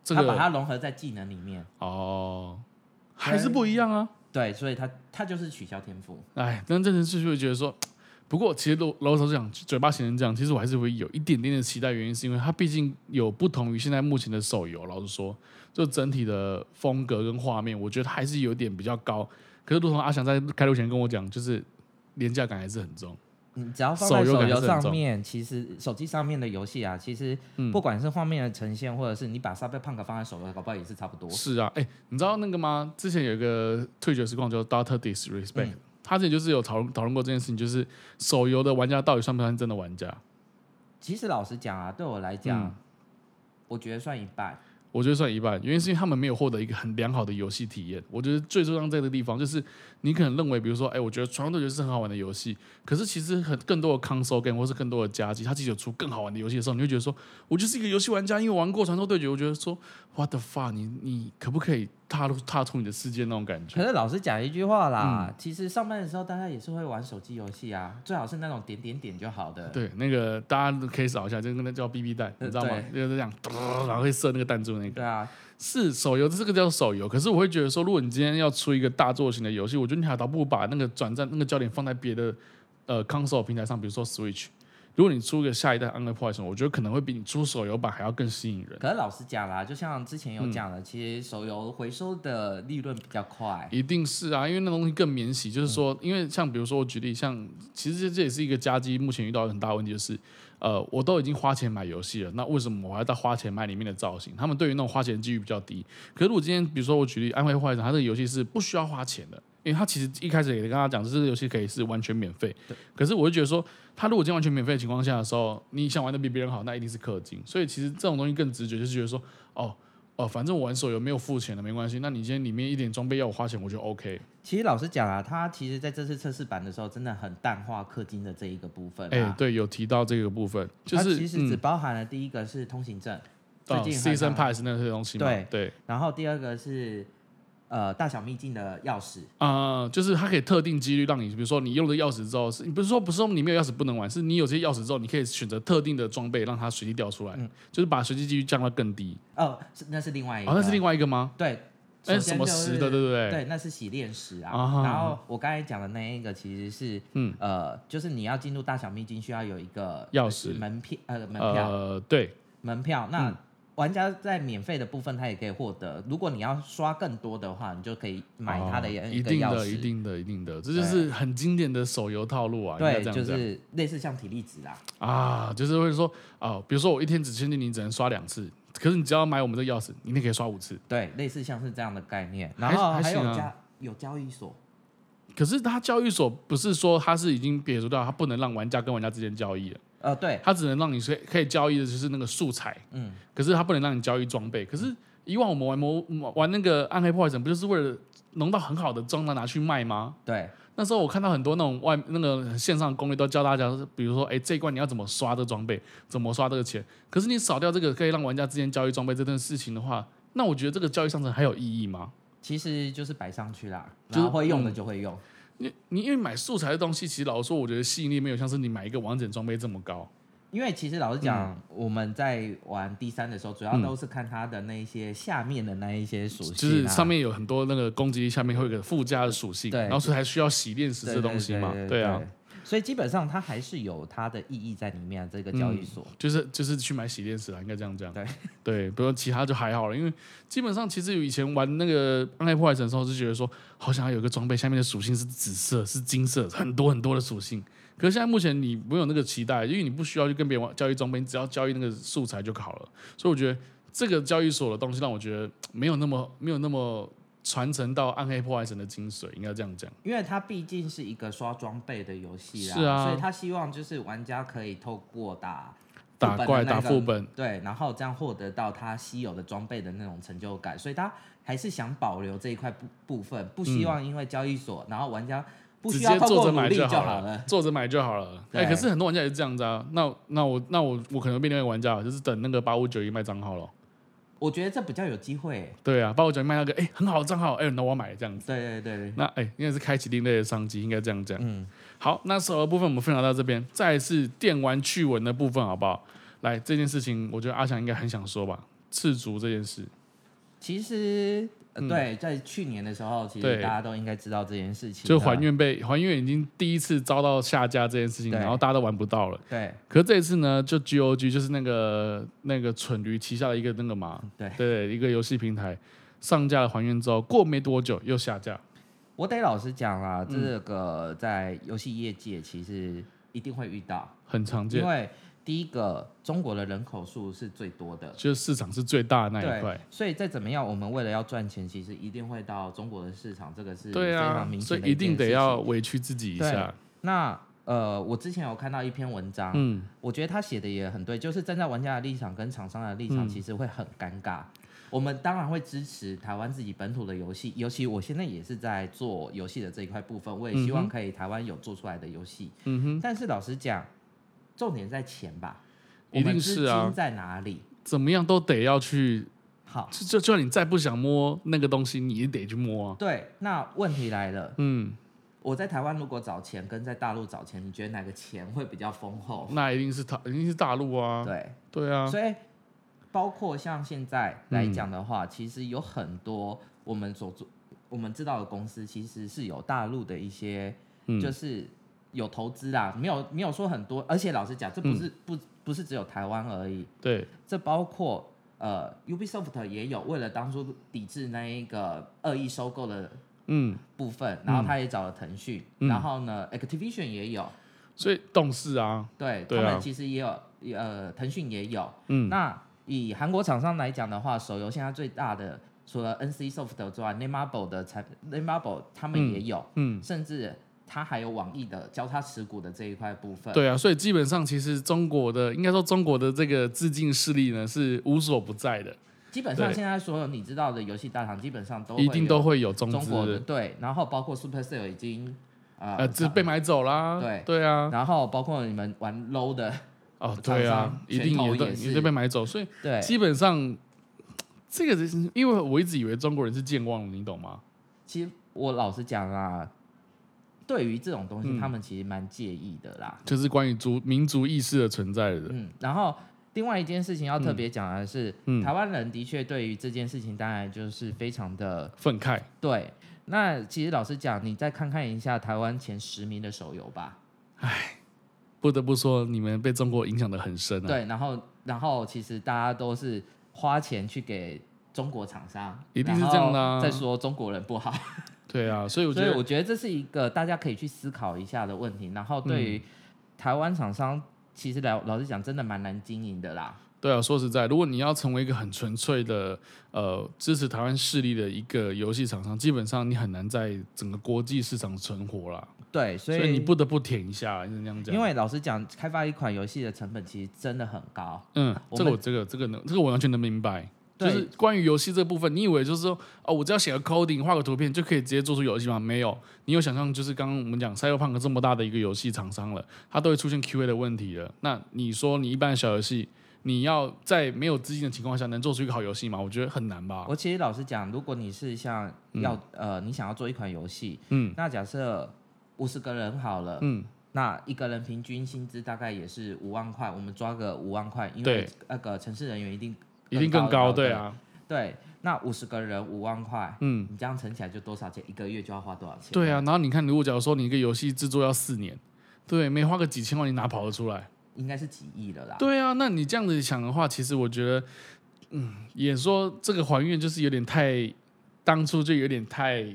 這個，他把它融合在技能裡面哦，還是不一樣啊？對，所以他，他他就是取消天賦。哎，但這件事就會覺得說，不過其實老老實講，嘴巴形成這樣，其實我還是會有一點點的期待，原因是因為他畢竟有不同於現在目前的手遊。老實說。就整體的風格跟畫面，我覺得還是有點比較高。可是，如同阿翔在開錄前跟我講，就是廉價感還是很重。嗯，只要放在手遊、手遊上面，其實手機上面的遊戲啊，其實不管是畫面的呈現，嗯、或者是你把《Cyberpunk》放在手遊，搞不好也是差不多。是啊，哎，你知道那個嗎？之前有一個 Twitch 的實況，叫《Dr. Disrespect》，他之前就是有討論討論過這件事情，就是手遊的玩家到底算不算真的玩家？其實老實講啊，對我來講，嗯、我覺得算一半。我覺得算一半，原因是因為他們沒有獲得一個很良好的遊戲體驗。我覺得最重要在的地方就是，你可能認為，比如說，哎、欸，我覺得《傳說對決》是很好玩的遊戲，可是其實很更多的 console game 或是更多的家機，它其實有出更好玩的遊戲的時候，你就會覺得說，我就是一個遊戲玩家，因為玩過《傳說對決》，我覺得說，What the fuck？你你可不可以？踏入踏出你的世界那種感覺。可是老實講一句話啦、嗯，其實上班的時候大家也是會玩手機遊戲啊，最好是那種點點點就好的。對，那個大家可以掃一下，就跟那叫 BB 彈，你知道嗎？就是這樣，然後會射那個彈珠那個。對啊，是手遊，這個叫手遊。可是我會覺得說，如果你今天要出一個大作型的遊戲，我覺得你還倒不如把那個轉戰那個焦點放在別的，呃，console 平台上，比如說 Switch。如果你出個下一代 Unreal 什麼，我覺得可能會比你出手遊版還要更吸引人。可是老實講啦、啊，就像之前有講了、嗯，其實手遊回收的利潤比較快。一定是啊，因為那東西更免洗，就是說，嗯、因為像比如說我舉例，像其實這也是一個家機，目前遇到很大的問題就是，呃，我都已經花錢買遊戲了，那為什麼我還在花錢買裡面的造型？他們對於那種花錢幾率比較低。可是如今天比如說我舉例安徽 r e a l 它這個遊戲是不需要花錢的。因為他其實一開始也跟他講，這個遊戲可以是完全免費。可是我就覺得說，他如果今天完全免費的情況下的時候，你想玩得比別人好，那一定是氪金。所以其實這種東西更直覺就是覺得說，哦哦，反正我玩手遊沒有付錢的沒關係。那你今天裡面一點裝備要我花錢，我就 OK。其實老實講啊，他其實在這次測試版的時候，真的很淡化氪金的這一個部分、啊。哎、欸，對，有提到這個部分，就是其實只包含了第一個是通行證，嗯、最近 Season、哦、Pass 那些東西對。對。然後第二個是。呃，大小秘境的鑰匙啊、呃，就是它可以特定幾率讓你，比如說你用了鑰匙之後，你不是說不是說你沒有鑰匙不能玩，是你有這些鑰匙之後，你可以選擇特定的裝備讓它隨機掉出來，嗯、就是把隨機幾率降到更低。哦、呃，是那是另外一個、哦，那是另外一個嗎？對，那、就是、欸、什麼石的，對不對，對？對，那是洗煉石啊，啊。然後我剛才講的那一個其實是，嗯，呃，就是你要進入大小秘境需要有一個鑰匙門票，呃，門票，呃，對，門票那。嗯玩家在免費的部分，他也可以獲得。如果你要刷更多的話，你就可以買他的一個鑰匙。一定的，一定的，一定的，這就是很經典的手遊套路啊！對，怎樣怎樣就是類似像體力值啊。啊，就是會說啊、哦，比如說我一天只限定你只能刷兩次，可是你只要買我們的鑰匙，你就可以刷五次。對，類似像是這樣的概念。然後還有家還還、啊、有交易所，可是他交易所不是說他是已經解除掉，他不能讓玩家跟玩家之間交易了。呃、哦，對，它只能讓你是可以交易的，就是那個素材，嗯，可是它不能讓你交易裝備。可是以往我們玩魔、玩那個暗黑破壞神，不就是為了弄到很好的裝備拿去賣嗎？對，那時候我看到很多那種外、那個線上攻略，都教大家，比如說，哎，這一關你要怎麼刷這個裝備，怎麼刷這個錢。可是你少掉這個可以讓玩家之間交易裝備這件事情的話，那我覺得這個交易商城還有意義嗎？其實就是擺上去啦，然後會用的就會用。就是嗯你你因為買素材的東西，其實老實說，我覺得吸引力沒有像是你買一個王者裝備這麼高。因為其實老實講、嗯，我們在玩第三的時候，主要都是看它的那一些、嗯、下面的那一些屬性、啊，就是上面有很多那個攻擊力，下面會有個附加的屬性，對，然後是還需要洗電池洗鍊石這東西嘛，對啊。對所以基本上它還是有它的意義在裡面、啊，這個交易所、嗯、就是就是去買洗煉石了，應該這樣講這樣。對對，不用其他就還好了。因為基本上其實以前玩那個《暗黑破壞神》的時候，就覺得說好想要有個裝備，下面的屬性是紫色、是金色，很多很多的屬性。可是現在目前你沒有那個期待，因為你不需要去跟別人玩交易裝備，你只要交易那個素材就好了。所以我覺得這個交易所的東西讓我覺得沒有那麼沒有那麼。傳承到暗黑破壞神的精髓，應該這樣講，因為它畢竟是一個刷裝備的遊戲啦，是啊，所以他希望就是玩家可以透過打、那個、打怪、打副本，對，然後這樣獲得到他稀有的裝備的那種成就感，所以他還是想保留這一塊部部分，不希望因為交易所，嗯、然後玩家不需要直接坐着買就好了，坐着買就好了。哎、欸，可是很多玩家也是這樣子啊，那那我那我那我，我可能變成一個玩家了，就是等那個八五九一賣賬號了。我覺得這比較有機會、欸。對啊，包括我講賣那個，哎，很好的賬號，哎，那我買這樣子。對對對對。那哎，應該是開啟另類的商機，應該這樣講。嗯，好，那首的部分我們分享到這邊，再次電玩趣聞的部分，好不好？來，這件事情我覺得阿翔應該很想說吧，赤足這件事。其實。嗯、對，在去年的時候，其實大家都應該知道這件事情，就還願被還願已經第一次遭到下架這件事情，然後大家都玩不到了。對，可是這一次呢，就 GOG 就是那個那個蠢驢旗下的一個那個嘛，對，對、對、對，一個遊戲平台上架了還願之後，過沒多久又下架。我得老實講啦，啊嗯，這個在遊戲業界其實一定會遇到，很常見。因為第一個，中國的人口數是最多的，就是市場是最大的那一塊。對，所以再怎麼樣，我們為了要賺錢，其實一定會到中國的市場。這個是非常明顯的。對啊，所以一定得要委屈自己一下。那呃，我之前有看到一篇文章，嗯，我覺得他寫的也很對，就是站在玩家的立場跟廠商的立場，其實會很尷尬。嗯。我們當然會支持台灣自己本土的遊戲，尤其我現在也是在做遊戲的這一塊部分，我也希望可以台灣有做出來的遊戲。嗯哼。但是老實講。重點在錢吧，一定是啊，在哪裡？怎麼樣都得要去。好，就就算你再不想摸那個東西，你也得去摸啊。對，那問題來了，嗯，我在台灣如果找錢，跟在大陸找錢，你覺得哪個錢會比較豐厚？那一定是他，一定是大陸啊。對，對啊。所以包括像現在來講的話、嗯，其實有很多我們所做、我們知道的公司，其實是有大陸的一些，嗯，就是。有投資啊，沒有沒有說很多，而且老實講，這不是、嗯、不不是只有台灣而已。對，這包括呃，Ubisoft 也有為了當初抵制那一個惡意收購的嗯部分嗯，然後他也找了騰訊、嗯，然後呢，Activision 也有，所以動視啊，對，對啊他們其實也有呃，騰訊也有。嗯，那以韓國廠商來講的話，手遊現在最大的除了 NCsoft 之外，Netmarble 的產 Netmarble 他們也有，嗯，甚至。它還有網易的交叉持股的這一塊部分。對啊，所以基本上其實中國的，應該說中國的這個資金勢力呢，是無所不在的。基本上現在所有你知道的遊戲大廠，基本上都一定都會有中國的對。然後包括 Supercell 已經啊，呃，呃只被買走啦對。對啊。然後包括你們玩 Low 的哦對、啊，對啊，一定有的，一定被買走。所以對，基本上這個是，因為我一直以為中國人是健忘，你懂嗎？其實我老實講啊。對於這種東西、嗯，他們其實蠻介意的啦，就是關於族民族意識的存在的。嗯，然後另外一件事情要特別講的是，嗯、台灣人的確對於這件事情當然就是非常的憤慨。對，那其實老實講，你再看看一下台灣前十名的手遊吧。唉，不得不說，你們被中國影響得很深、啊。對，然後然後其實大家都是花錢去給中國廠商，一定是這樣的、啊。再說中國人不好。 對啊，所以我覺得，我覺得這是一個大家可以去思考一下的問題。然後對，對於台灣廠商，其實老老實講，真的蠻難經營的啦。對啊，說實在，如果你要成為一個很純粹的呃支持台灣勢力的一個遊戲廠商，基本上你很難在整個國際市場存活啦。對，所以，所以你不得不舔一下，因為就是那樣講，因為老實講，開發一款遊戲的成本其實真的很高。嗯，這個，這個，這個能，這個我完全能明白。就是關於遊戲這部分，你以為就是說哦，我只要寫個 coding、畫個圖片就可以直接做出遊戲嗎？沒有，你有想象，就是剛剛我們講 Cyberpunk 這麼大的一個遊戲廠商了，它都會出現 QA 的問題了。那你說你一般小遊戲，你要在沒有資金的情況下能做出一個好遊戲嗎？我覺得很難吧。我其實老實講，如果你是像要、嗯、呃，你想要做一款遊戲，嗯，那假設五十個人好了，嗯，那一個人平均薪資大概也是五萬塊，我們抓個五萬塊，因為那個程式人員一定一定更高，更高對，對啊，對，那五十個人五萬塊，嗯，你這樣乘起來就多少錢？一個月就要花多少錢？對啊，然後你看，如果假如說你一個遊戲製作要四年，對，沒花個幾千萬，你哪跑得出來？應該是幾億了啦。對啊，那你這樣子想的話，其實我覺得，嗯，也說這個還原就是有點太，當初就有點太，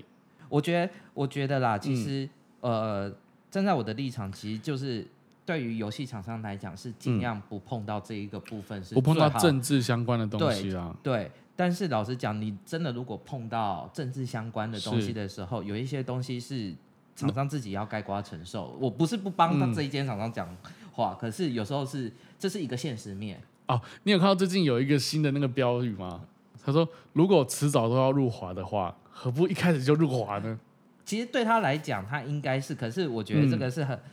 我覺得，我覺得啦，其實，嗯、呃，站在我的立場，其實就是。對於遊戲廠商來講，是儘量不碰到這一個部分、嗯、是不碰到政治相關的東西啊對。對，但是老實講，你真的如果碰到政治相關的東西的時候，有一些東西是廠商自己要概括承受。我不是不幫他，這一間廠商講話、嗯，可是有時候是這是一個現實面哦，你有看到最近有一個新的那個標語嗎？他說：“如果遲早都要入華的話，何不一開始就入華呢、嗯？”其實對他來講，他應該是，可是我覺得這個是很。嗯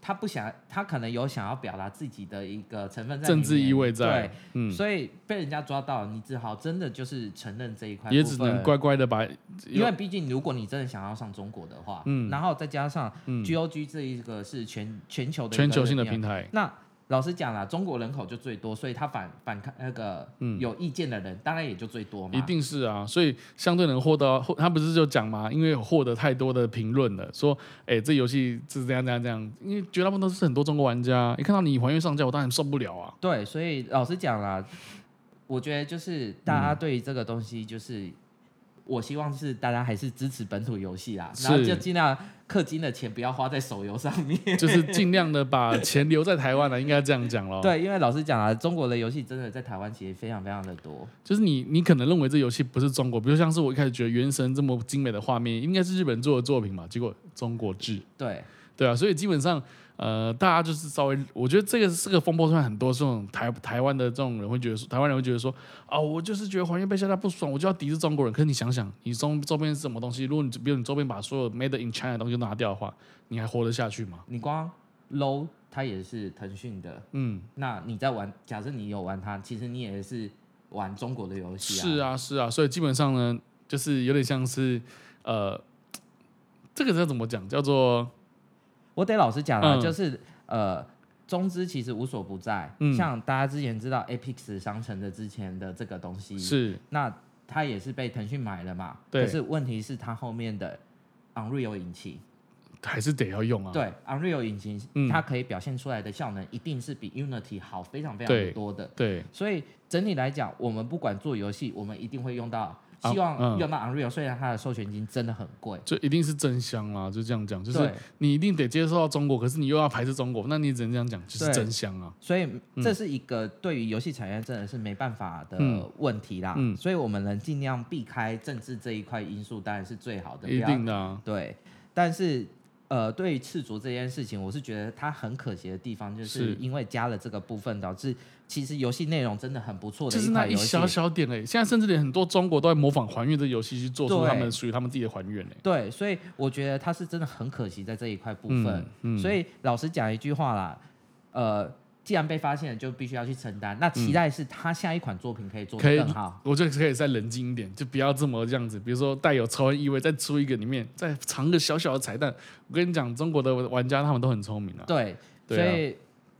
他不想，他可能有想要表達自己的一個成分在裡面，政治意味在，對，嗯、所以被人家抓到，你只好真的就是承認這一塊部分，也只能乖乖的把，因為畢竟如果你真的想要上中國的話，嗯、然後再加上 G O G 這一個是全全球的全球性的平台，那。老實講啦、啊，中國人口就最多，所以他反反抗那個有意見的人，嗯，當然也就最多嘛。一定是啊，所以相對能獲得，他不是就講嘛，因為有獲得太多的評論了，說，哎，欸，這遊戲是這樣這樣這樣，因為絕大部分都是很多中國玩家，一，欸，看到你還願上架，我當然受不了啊。對，所以老實講啦、啊，我覺得就是大家對於這個東西就是。嗯我希望是大家還是支持本土遊戲啦，然後就盡量氪金的錢不要花在手遊上面，是就是盡量的把錢留在台灣了、啊， 應該這樣講嘍。對，因為老實講啊，中國的遊戲真的在台灣其實非常非常的多。就是你你可能認為這遊戲不是中國，比如像是我一開始覺得《原神》這麼精美的畫面，應該是日本人做的作品嘛，結果中國製。對對啊，所以基本上。呃，大家就是稍微，我覺得這個是個風波，算很多這種台台灣的這種人會覺得說，台灣人會覺得說，啊、哦，我就是覺得還願被下架不爽，我就要抵制中國人。可是你想想，你中周邊是什麼東西？如果你比如你周邊把所有 made in China 的東西拿掉的話，你還活得下去嗎？你光 low，他也是騰訊的，嗯，那你在玩，假設你有玩他，其實你也是玩中國的遊戲啊。是啊，是啊，所以基本上呢，就是有點像是，呃，這個要怎麼講，叫做。我得老實講、啊嗯、就是呃，中資其實無所不在、嗯。像大家之前知道 Epic 商城的之前的這個東西是，那它也是被騰訊買了嘛。對。可是問題是它後面的 Unreal 引擎還是得要用啊。對，Unreal 引擎它可以表現出來的效能一定是比 Unity 好非常非常多的。對。對，所以整體來講，我們不管做遊戲，我們一定會用到，希望用到 Unreal，雖然它的授權金真的很貴，就一定是真香啊！就這樣講，就是你一定得接受到中國，可是你又要排斥中國，那你只能這樣講，就是真香啊！所以這是一個對於遊戲產業真的是沒辦法的問題啦。嗯嗯、所以我們能盡量避開政治這一塊因素，當然是最好的，的一定的、啊、對。但是。呃，對於赤足這件事情，我是覺得它很可惜的地方，就是因為加了這個部分，導致其實遊戲內容真的很不錯的一塊遊戲，是就是那一小小點哎、欸，現在甚至連很多中國都在模仿還原這遊戲，去做出他們屬於他們自己的還原哎、欸。對，所以我覺得它是真的很可惜在這一塊部分。嗯嗯、所以老實講一句話啦，呃。既然被發現了，就必須要去承擔。那期待是他下一款作品可以做得更好，嗯、我就可以再冷靜一點，就不要這麼這樣子。比如說，帶有超人意味，再出一個裡面再藏個小小的彩蛋。我跟你講，中國的玩家他們都很聰明啊。對，對啊，所以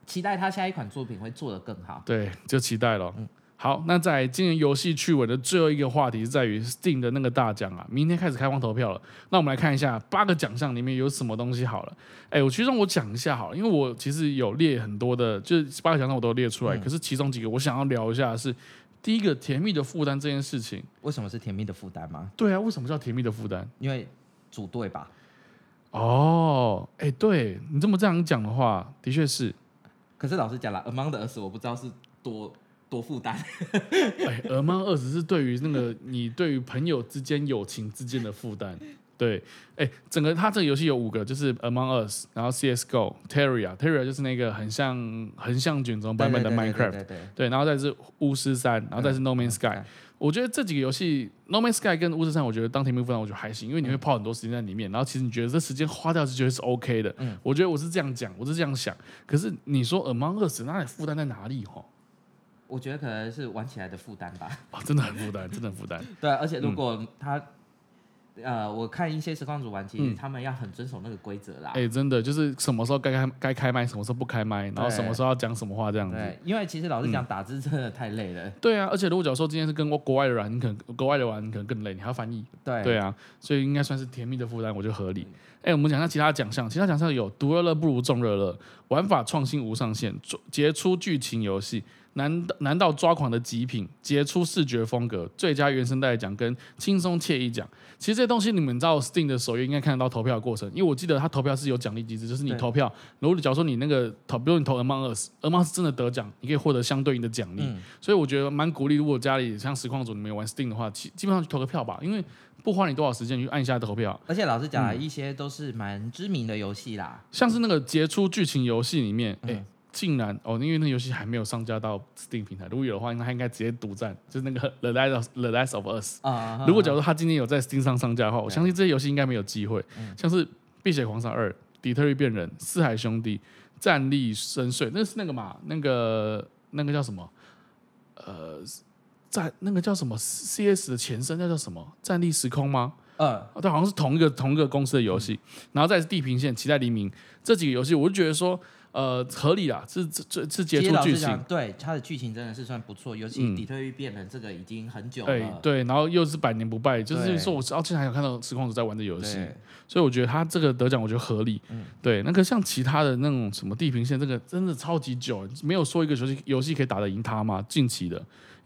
期待他下一款作品會做得更好。對，就期待了。嗯好，那在今年遊戲趣聞的最後一個話題是在於 Steam 的那個大獎啊，明天開始開放投票了。那我們來看一下八個獎項裡面有什麼東西好了。哎、欸，我其實讓我講一下好了，因為我其實有列很多的，就是八個獎項我都列出來、嗯，可是其中幾個我想要聊一下是第一個甜蜜的負擔這件事情，為什麼是甜蜜的負擔嗎？對啊，為什麼叫甜蜜的負擔？因為組隊吧。哦，哎、欸，對你這麼這樣講的話，的確是。可是老實講了 Among Us 我不知道是多。多負擔， 哎，Among Us 是對於那個你對於朋友之間 友情之間的負擔，對，哎，整個它這個遊戲有五個，就是 Among Us，然後 CS:GO，Terraria，Terraria 就是那個很像橫向卷軸版本的 Minecraft，對,對,對,對,對,對,對,對,對，然後再是巫師三，然後再是 No Man's Sky，、嗯嗯、我覺得這幾個遊戲,、嗯嗯、個遊戲 No Man's Sky 跟巫師三，我覺得當天民負擔我覺得還行、嗯，因為你會泡很多時間在裡面，然後其實你覺得這時間花掉是覺得是 OK 的，嗯，我覺得我是這樣講，我是這樣想，可是你說 Among Us 那的負擔在哪裡吼？我覺得可能是玩起來的負擔吧。哦，真的很負擔，真的很負擔。 對，而且如果他，嗯、呃，我看一些實況主玩，其實他們要很遵守那個規則啦。哎、欸，真的，就是什麼時候該開該開麥，什麼時候不開麥，然後什麼時候要講什麼話這樣子。因為其實老實講、嗯，打字真的太累了。對啊，而且如果假如說今天是跟我國外的人，你可能國外的玩你可能更累，你還要翻譯。對對啊，所以應該算是甜蜜的負擔，我覺得合理。哎、欸，我們講下其他獎項。其他獎項有“獨樂樂不如眾樂樂”，玩法創新無上限；“傑出劇情遊戲難難到抓狂的極品”，“傑出視覺風格”，“最佳原聲帶獎”跟“輕鬆愜意獎”。其實這些東西，你們知道 Steam 的首頁應該看得到投票的過程。因為我記得他投票是有獎勵機制，就是你投票，如果你假如說你那個投比如你投 Among Us，Among Us 真的得獎，你可以獲得相對應的獎勵、嗯。所以我覺得蠻鼓勵，如果家裡像實況組你們玩 Steam 的話，基基本上去投個票吧，因為。不花你多少時間去按一下投票，而且老實講、嗯，一些都是蠻知名的遊戲啦。像是那個傑出劇情遊戲裡面，哎、嗯欸，竟然哦，因為那遊戲還沒有上架到 Steam 平台，如果有的話，他應該應該直接獨佔，就是那個《The Last of, The Last of Us、哦哦》，如果假如他今天有在 Steam 上上架的話，我相信這些遊戲應該沒有機會、嗯。像是《碧血狂殺二》、《底特律變人》、《四海兄弟》、《戰力深邃》，那是那個嘛？那個那個叫什麼？呃。在那個叫什麼 CS 的前身，那叫什麼？戰慄時空嗎？嗯、呃，對、哦，它好像是同一個同一個公司的遊戲、嗯。然後再是地平線、期待黎明這幾個遊戲，我就覺得說，呃，合理啦。是這這接觸劇情，對它的劇情真的是算不錯。尤其底特律變人這個已經很久了，了、嗯欸，對。然後又是百年不敗，就是，就是說我知道，哦、還有看到時空者在玩的遊戲，所以我覺得他這個得獎，我覺得合理。嗯、對，那個像其他的那種什麼地平線，這個真的超級久，沒有說一個遊戲遊戲可以打得贏他嘛。近期的。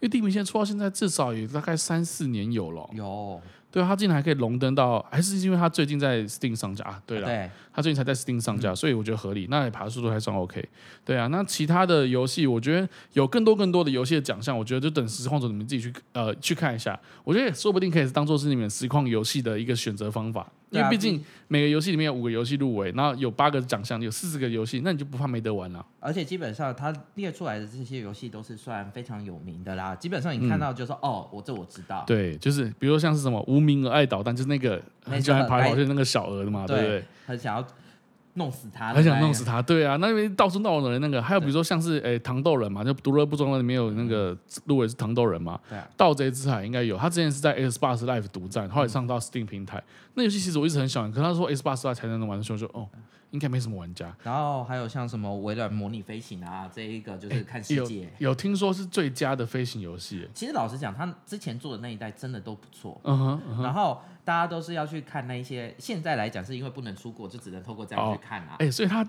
因為地平線出到現在至少也大概三四年有了、哦有，有對啊，它竟然還可以榮登到，還是因為他最近在 Steam 上架，啊、對了，對，他最近才在 Steam 上架、嗯，所以我覺得合理。那也爬的速度還算 OK，對啊，那其他的遊戲，我覺得有更多更多的遊戲的獎項，我覺得就等實況者你們自己去呃去看一下，我覺得也說不定可以當做是你們實況遊戲的一個選擇方法。因為畢竟每個遊戲裡面有五個遊戲入圍，然後有八個獎項，有四十個遊戲，那你就不怕沒得玩了、啊。而且基本上他列出來的這些遊戲都是算非常有名的啦。基本上你看到就是說、嗯、哦，我這我知道。對，就是比如說像是什麼《無名鵝愛搗蛋》，就是那個那就很喜歡爬樓梯那個小鵝的嘛，對不對？很想要。弄死他了，很想弄死他。對啊，對啊，那因為到處鬧人，那個還有比如說像是誒糖豆人嘛，就《讀樂不中人》裡面有那個路偉、嗯、是糖豆人嘛。對啊，盜賊之海應該有，他之前是在 Xbox Live 獨佔，後來上到 Steam 平台。那遊戲其實我一直很喜歡，可是他說 Xbox Live 才能玩的時候，我就哦。嗯應該沒什麼玩家，然後還有像什麼微軟模擬飛行啊，這一個就是看世界、欸有，有聽說是最佳的飛行遊戲、欸。其實老實講，他之前做的那一代真的都不錯、嗯嗯哼，然後大家都是要去看那一些，現在來講是因為不能出國，就只能透過這樣去看啦、啊。哎、哦欸，所以他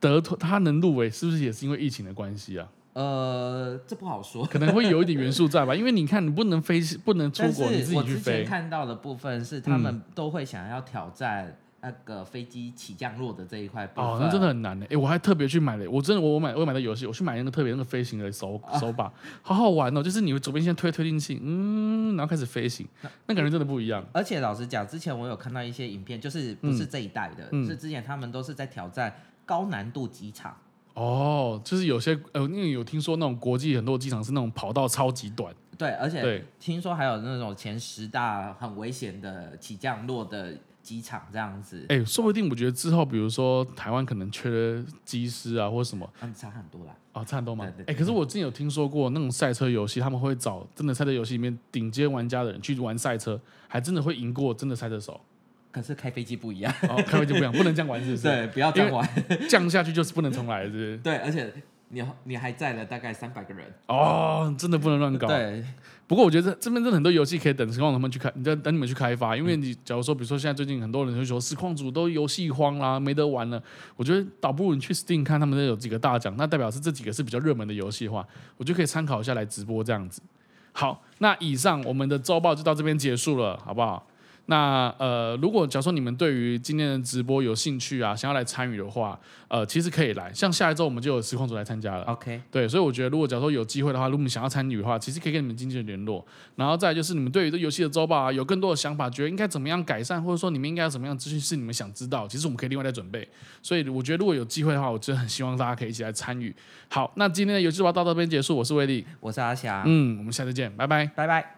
得他能入圍，是不是也是因為疫情的關係啊？呃，這不好說，可能會有一點元素在吧？ 因為你看，你不能飛，不能出國是，我之前看到的部分是他們都會想要挑戰。那個飛機起降落的這一塊哦，那真的很難呢。哎，我還特別去買了，我真的，我買我買的遊戲，我去買了那個特別那個飛行的手、哦、手把，好好玩哦！就是你左邊先推推進器，嗯，然後開始飛行，那感覺真的不一樣、嗯。而且老實講，之前我有看到一些影片，就是不是這一代的，嗯嗯、是之前他們都是在挑戰高難度機場。哦，就是有些呃，因為有聽說那種國際很多機場是那種跑道超級短。對，而且對聽說還有那種前十大很危險的起降落的。機場這樣子，哎、欸，說不定我覺得之後，比如說台灣可能缺機師啊，或什麼，他們差很多啦，啊、哦，差很多嘛。哎、欸，可是我之前有聽說過，那種賽車遊戲，他們會找真的賽車遊戲裡面頂尖玩家的人去玩賽車，還真的會贏過真的賽車手。可是開飛機不一樣，哦、開飛機不一樣，不能這樣玩，是不是？ 對，不要這樣玩，降下去就是不能重來，是不是？對，而且。你你還在了，大概三百個人哦，oh, 真的不能亂搞。對，不過我覺得這，這邊真的很多遊戲可以等時光，希望他們去開，你在等你們去開發，因為你假如說，比如說現在最近很多人就說，實況主都遊戲荒啦、啊，沒得玩了。我覺得倒不如你去 Steam 看，他們那有幾個大獎，那代表是這幾個是比較熱門的遊戲的話，我就可以參考一下來直播這樣子。好，那以上我們的周報就到這邊結束了，好不好？那呃，如果假如說你們對於今天的直播有興趣啊，想要來參與的話，呃，其實可以來。像下一周我們就有實況組來參加了。OK，對，所以我覺得如果假如說有機會的話，如果你們想要參與的話，其實可以跟你們經紀人聯絡。然後再就是你們對於這遊戲的周報啊，有更多的想法，覺得應該怎麼樣改善，或者說你們應該有什麼樣的資訊是你們想知道，其實我們可以另外再準備。所以我覺得如果有機會的話，我就很希望大家可以一起來參與。好，那今天的遊戲就到這邊結束，我是威力，我是阿霞。嗯，我們下次見，拜拜，拜拜。